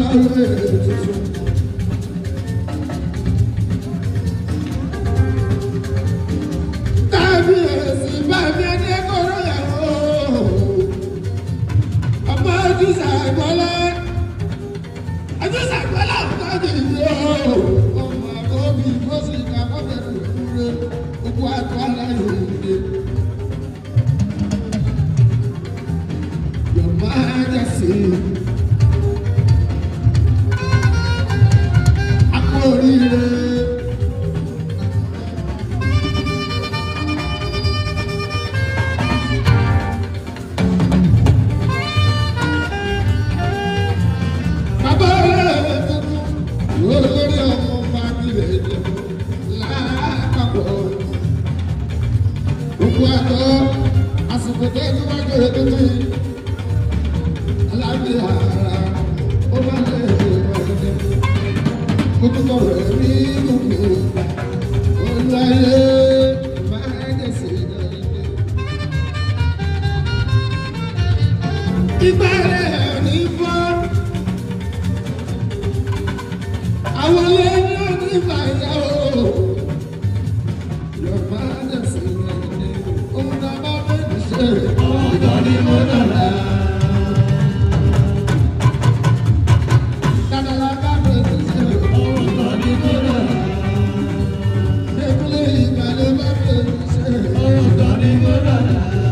ayé tuntun. kábíyèsí bàbá ẹni kọ́rọ̀ yàwó ọmọ ojúṣe àgbọ̀lá ojúṣe àgbọ̀lá ọ̀gá jìnnì ọmọ àgọ́ kú ẹ̀kọ́ àsìkò tó ẹ̀kọ́ bá jẹ́ òkúté alábí ara ó bá lè ṣe ìwọ̀lẹ́ kókó rẹ̀ rí kókó olùwàlẹ́ máa ń dẹ̀sẹ̀ ìdánilẹ́. Aleluia.